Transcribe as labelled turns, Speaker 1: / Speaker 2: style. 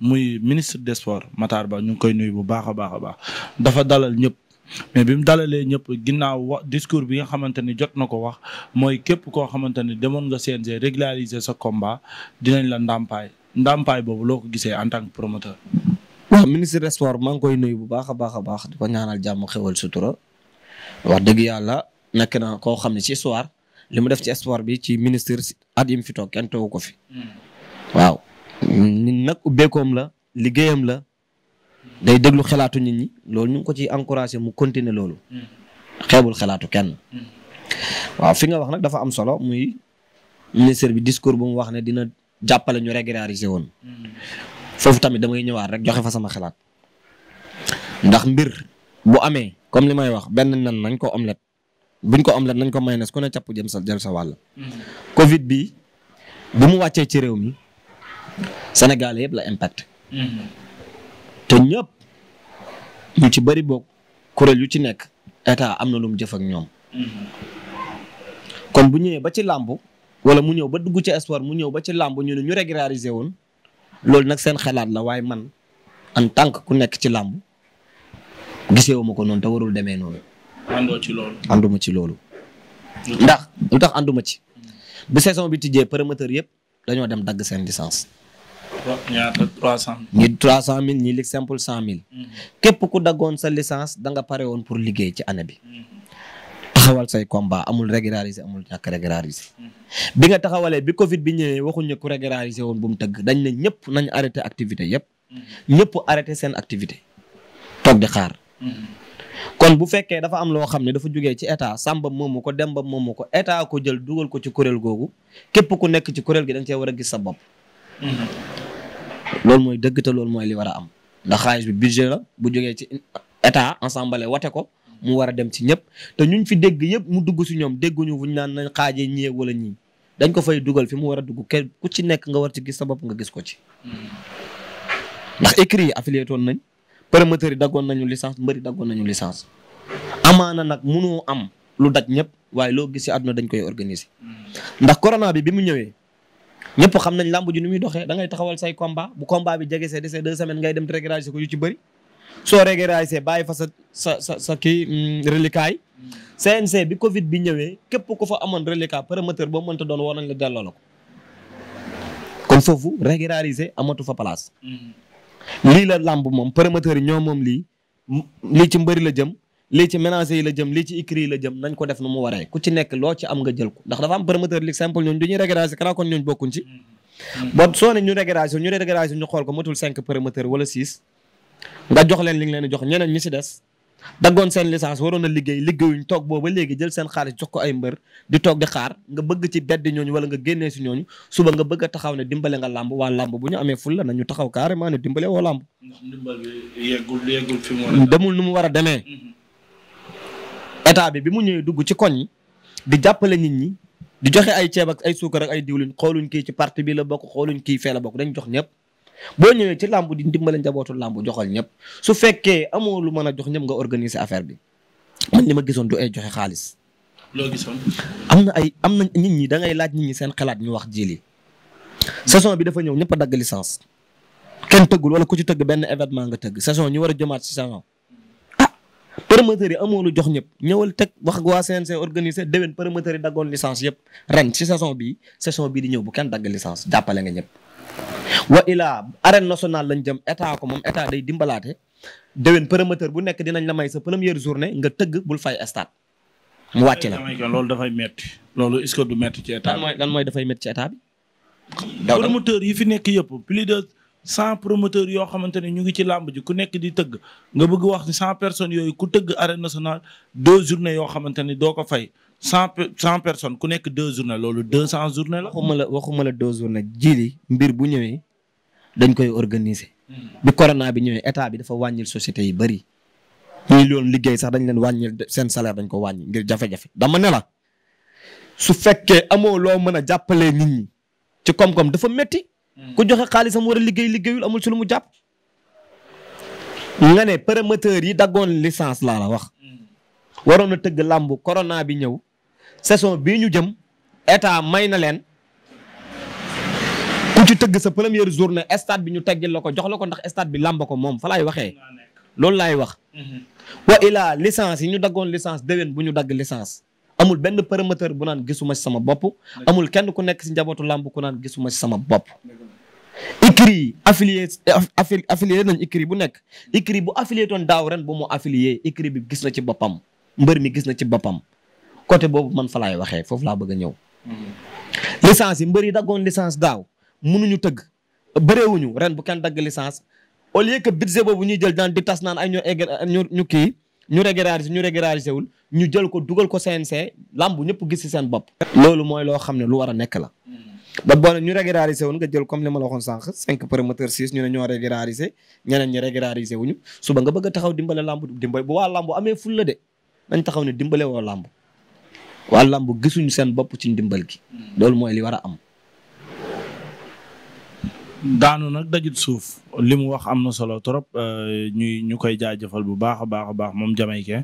Speaker 1: muy ministre des sports Matar Ba ñu ngi koy nuyu bu baax a baax a baax dafa dalal ñëpp mais bi mu dalalee ñëpp ginnaaw wa discours bi nga xamante ni jot na ko wax mooy képp koo xamante ni demoon nga CNG régulariser sa combat dinañ la ndàmpaay ndàmpaay boobu loo ko gisee en tant que promoteur.
Speaker 2: waaw ministre des sports maa ngi koy nuyu bu baax a baax a baax di ko ñaanal jàmm xewal sutura wax dëgg yàlla nekk na koo xam ne ci soir li mu def ci sport bi ci ministre at yi mu fi toog kenn toogu ko fi. Hmm. nag ubbeekoom la liggéeyam la day déglu xalaatu nit ñi loolu ñu ko ci encouragé mu continuer loolu. xeebul xalaatu kenn. waaw fi nga wax nag dafa am solo muy ministre bi discours bu mu wax ne dina jàppale ñu régulariser woon. foofu tamit damay ñëwaat rek joxe fa sama xalaat. ndax mbir bu amee comme li may wax benn nan nañ ko omelette buñ ko omelette nañ ko mayonnaise ku ne càpp jëm sa jël sa wàll. Mm-hmm. Covid bi bu mu wàccee ci réew mi. Sénégal yëpp la impact. Mm-hmm. te ñëpp ñu ci bëri boog kuréel yu ci nekk état am na lu mu jëf ak ñoom. Mm-hmm. kon bu ñëwee ba ci làmb wala mu ñëw ba dugg ci espoir mu ñëw ba ci làmb ñu ne ñu régulariser woon loolu nag seen xalaat la waaye man en tant ku nekk ci làmb giseewu ma ko noonu te warul demee noonu. àndoo ci loolu. ànduma ci loolu. ndax lu tax ànduma ci. Mm-hmm. bi saison bi tijjee promoteur yëpp dañoo dem dagg seen licence. ñaata 300000. ñi 300000 ñi li simple 100000. Mm-hmm. képp ku daggoon sa licence da pare woon pour liggéey ci année bi. Mm-hmm. taxawal say combat amul régulariser amul ñàkk régulariser mm-hmm. bi nga taxawalee bi Covid bi ñëwee waxuñu ko régulariser woon bu mu tëgg dañ ne ñëpp nañ arrêté activité yëpp. ñëpp arrêté seen activité toog di xaar. kon bu fekkee dafa am loo xam ne dafa jógee ci état sàmba moomu ko demba moomu ko état ko jël dugal ko ci kuréel googu képp ku nekk ci kuréel gi dañ nga war a gis sa bopp. loolu mooy dëgg te loolu mooy li war a am ndax xaalis bi budget la bu jógee ci état ensemble wate ko mu war a dem ci ñëpp te ñuñ fi dégg yëpp mu dugg si ñoom dégguñu buñ naan nañ xaajee ñii wala ñii dañ ko fay dugal fi mu war a dugg kenn ku ci nekk nga war ci gis sa bopp nga gis ko ci. Hmm. ndax écrit yi affilié toon nañ promoteurs yi daggoon nañu licence mbëri daggoon nañu licence amaana nag munoo am lu daj ñëpp waaye loo gis si àdduna dañ koy organiser hmm. ndax ñépp xam nañ làmb ji nu muy doxee da ngay taxawal say combat bu combat bi jege see desee deux semaines ngay dem te régulariser ko ci bëri soo régulariser bàyyi fa sa sa sa sa kii mm, reliquat yi CNC bi Covid bi ñëwee képp ku fa amoon reliquat promoteur boo mënta doon war nañ la delloo la ko kon foofu régulariser amatu fa palaas mm-hmm. lii la làmb moom promoteur yi ñoo moom lii lii ci mbëri la jëm. lii ci ménager yi la jëm lii ci écrit yi la jëm nañ ko def nu mu waree ku ci nekk loo ci am nga jël ko ndax dafa am promoteur ligue simple ñooñu du ñuy régulariser kanaa kon ñooñu bokkuñ ci. Mm-hmm. bon ñu régulariser ñu régulariser xool ko matul cinq promoteur wala six nga jox leen li nga leen jox ñeneen ñi si des daggoon seen licence waroon a liggéey liggéeyuñ toog booba léegi jël seen xaalis jox ko ay mbër di toog di xaar nga bëgg ci bedd ñooñu wala nga génnee si ñooñu suba nga bëgg taxaw ne dimbale nga làmb waa làmb bu ñu amee ful la nañu taxaw carrément ne dimbale woo làmb.
Speaker 1: a demul
Speaker 2: nu mu war a demee. Mm-hmm. état bi bi mu ñëwee dugg ci koñ di jàppale nit ñi di joxe ay ceeb ak ay suukar ak ay diwlin xooluñ kii ci parti bi la bokk xooluñ kii fee la bokk dañ jox ñëpp boo ñëwee ci làmb di dimbale njabootu làmb joxal ñëpp su fekkee amoo lu mën a jox ñëpp nga organiser affaire bi man li ma gisoon du ay joxe xaalis. loo gisoon. am na ay am na nit ñi dangay laaj nit ñi seen xalaat ñu wax ji lii saison bi dafa ñëw ñëpp a dagg licence kenn tëggul wala ku ci tëgg benn événement nga tëgg saison ñu war a jëmaat ci saison promoteurs yi amoo lu jox ñëpp ñëwal teg wax waa CNC organisé déwén promoteurs yi daggoon licence yëpp ren ci saison bii saison bii di ñëw bu kenn dagg licence jàppale nga ñëpp. wa ilaa arène nationale lañ jëm état ko moom état day dimbalaate déwén promoteur bu nekk dinañ la may sa première journée nga tëgg bul fay stade mu wàcc la loolu dafay metti loolu
Speaker 1: est-ce que du metti ci état bi.
Speaker 2: lan dafay metti ci état bi.
Speaker 1: promoteur yi fi nekk yëpp cent promoteurs yoo xamante ne ñu ngi ci làmb ji ku nekk di tëgg nga bëgg wax ni cent personnes yooyu ku tëgg arène nationale deux journées yoo xamante ne doo ko fay
Speaker 2: cent personne personnes ku nekk deux journées loolu deux cent journées la. waxuma la waxuma la deux journées jili mbir bu ñëwee dañ koy organiser. Hmm. bi corona bi ñëwee état bi dafa wàññil société yi bëri. ñuy liggéey sax dañ leen wàññil seen salaire dañ ko wàññi ngir jafe-jafe dama ne la su fekkee amoo loo mën a jàppalee nit ci koom-koom dafa Hmm. ku joxe xaalisam war a liggéey liggéeyul amul ci lu mu jàpp. nga ne promoteur yi daggoon licence laa la wax. Hmm. waroon na tëgg làmb corona bi ñëw saison bii ñu jëm état may na leen ku ci tëgg sa première ne stade bi ñu teggil la ko jox la ko ndax stade bi làmb ko moom fa laay waxee. loolu laay wax. Hmm. wa ilaa licence yi ñu daggoon licence déwén bu ñu dagg licence. amul benn promoteur bu naan gisuma ci sama bopp amul kenn ku nekk si njabootu làmb ku naan gisuma ci sama bopp écurie yi affilié affilié nañ écurie bu nekk écurie bu affilié toon daaw ren bu mu affilié écurie bi gis na ci boppam mbër mi gis na ci boppam côté boobu man fa waxee foofu laa bëgg a ñëw mhm. licence yi mbër yi daggoon licence daaw mënuñu tëgg bëreewuñu ren bu kenn dagg licence au lieu que boobu ñuy jël daan di tas naan ay ñoo egg ñu kii ñu régulariser ñu régulariser wul ñu jël ko dugal ko CNC lamb ñëpp gis ci seen bopp. loolu mooy loo xam ne lu war a nekk la. ba boo ñu régulariser wul nga jël comme li ma la waxoon sànq cinq promoteurs six ñu ne ñoo régulariser ñeneen ñi régulariser wuñu suba nga bëgg taxaw dimbale lamb dimbale bu waa lamb amee ful de nañ taxaw ne dimbale woo lamb waa lamb gisuñu seen bopp ci dimbal gi. loolu mooy li war a am.
Speaker 1: daanu nag dajut suuf li mu wax am na solo trop euh, ñuy ñu koy jaajëfal bu baax a baax a baax moom Jamaïcain